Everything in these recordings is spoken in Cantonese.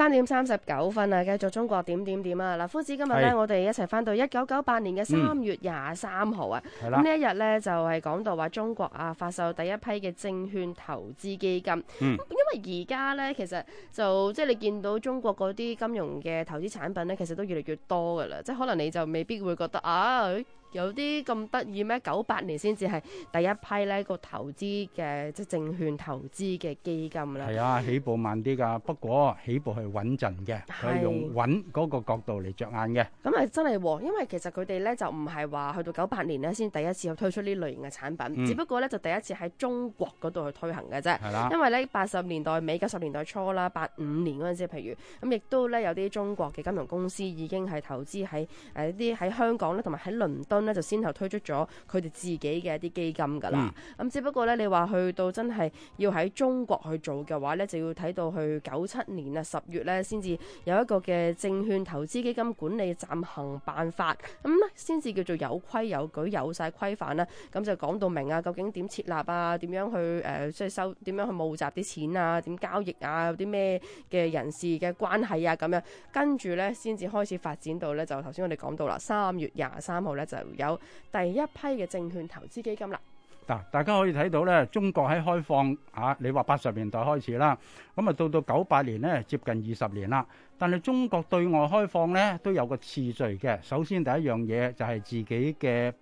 三點三十九分啊，繼續中國點點點啊！嗱，夫子今日咧是，我哋一齊翻到一九九八年嘅三月廿三號啊！咁、嗯、呢一日咧就係、是、講到話中國啊發售第一批嘅證券投資基金。嗯，因為而家咧其實就即係你見到中國嗰啲金融嘅投資產品咧，其實都越嚟越多噶啦，即係可能你就未必會覺得啊。哎有啲咁得意咩？九八年先至係第一批咧個投資嘅，即係證券投資嘅基金啦。係啊，起步慢啲噶，不過起步係穩陣嘅，係是用穩嗰個角度嚟着眼嘅。咁啊，真係喎，因為其實佢哋咧就唔係話去到九八年咧先第一次推出呢類型嘅產品，嗯、只不過咧就第一次喺中國嗰度去推行嘅啫。係啦的，因為咧八十年代尾、九十年代初啦，八五年嗰陣時，譬如咁，亦都咧有啲中國嘅金融公司已經係投資喺誒啲喺香港咧，同埋喺倫敦。咧就先後推出咗佢哋自己嘅一啲基金噶啦，咁、mm. 只不過咧你話去到真係要喺中國去做嘅話咧，就要睇到去九七年啊十月咧先至有一個嘅證券投資基金管理暫行辦法，咁咧先至叫做有規有矩、呃，有晒規範啦。咁就講到明啊，究竟點設立啊，點樣去誒即係收，點樣去募集啲錢啊，點交易啊，有啲咩嘅人事嘅關係啊咁樣，跟住咧先至開始發展到咧就頭先我哋講到啦，三月廿三號咧就。有第一批嘅證券投資基金啦。嗱，大家可以睇到咧，中國喺開放嚇、啊，你話八十年代開始啦，咁啊，到到九八年呢，接近二十年啦。但係中國對外開放呢，都有個次序嘅，首先第一樣嘢就係自己嘅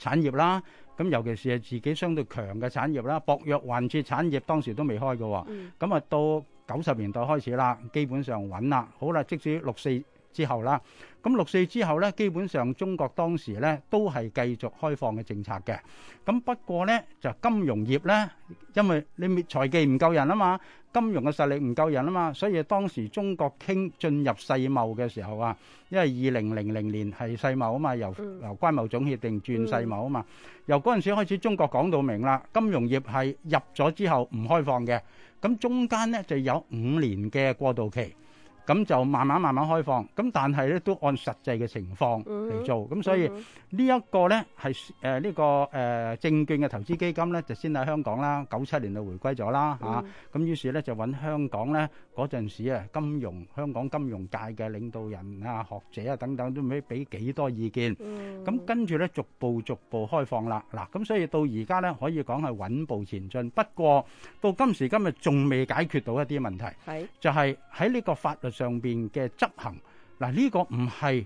產業啦，咁尤其是係自己相對強嘅產業啦，薄弱環節產業當時都未開㗎喎、哦。咁啊、嗯、到九十年代開始啦，基本上穩啦。好啦，即使六四。之後啦，咁六四之後呢，基本上中國當時呢都係繼續開放嘅政策嘅。咁不過呢，就金融業呢，因為你滅財技唔夠人啊嘛，金融嘅實力唔夠人啊嘛，所以當時中國傾進入世貿嘅時候啊，因為二零零零年係世貿啊嘛，由由關貿總協定轉世貿啊嘛，由嗰陣時開始中國講到明啦，金融業係入咗之後唔開放嘅，咁中間呢，就有五年嘅過渡期。咁就慢慢慢慢開放，咁但係咧都按實際嘅情況嚟做，咁所以呢一個咧係誒呢個誒證券嘅投資基金咧就先喺香港啦，九七年就回歸咗啦嚇，咁於是咧就揾香港咧嗰陣時啊金融香港金融界嘅領導人啊學者啊等等都唔知俾幾多意見，咁跟住咧逐步逐步開放啦，嗱咁所以到而家咧可以講係穩步前進，不過到今時今日仲未解決到一啲問題，就係喺呢個法律。上邊嘅執行嗱，呢個唔係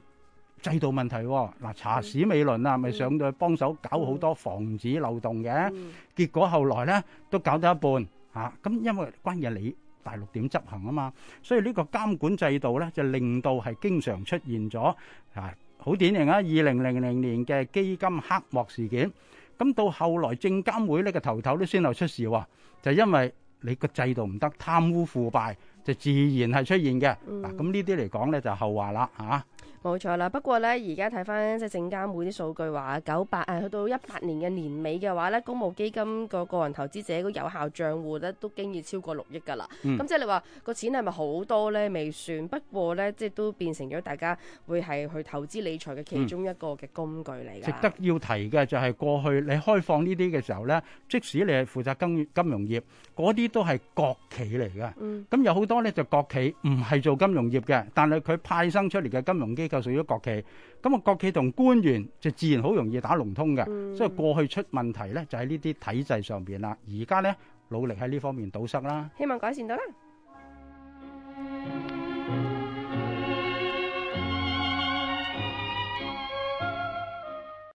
制度問題喎嗱，查史美倫啊，咪上到去幫手搞好多防止漏洞嘅，結果後來咧都搞到一半嚇，咁因為關鍵你大陸點執行啊嘛，所以呢個監管制度咧就令到係經常出現咗啊，好典型啊，二零零零年嘅基金黑幕事件，咁到後來證監會呢個頭頭都先後出事喎，就因為你個制度唔得，貪污腐敗。就自然係出現嘅，嗱咁、嗯、呢啲嚟講咧就後話啦嚇。啊冇錯啦，不過呢，而家睇返即係證監會啲數據900、哎、年年話九八誒去到一八年嘅年尾嘅話咧，公募基金個個人投資者個有效賬戶咧都經已超過六億㗎啦。咁、嗯、即係你話個錢係咪好多呢？未算，不過呢，即係都變成咗大家會係去投資理財嘅其中一個嘅工具嚟、嗯。值得要提嘅就係過去你開放呢啲嘅時候呢，即使你係負責金金融業，嗰啲都係國企嚟嘅。咁、嗯、有好多呢，就國企唔係做金融業嘅，但係佢派生出嚟嘅金融機。就屬於咗國企，咁啊國企同官員就自然好容易打龍通嘅。嗯、所以過去出問題呢就喺呢啲體制上面啦。而家呢努力喺呢方面堵塞啦，希望改善到啦。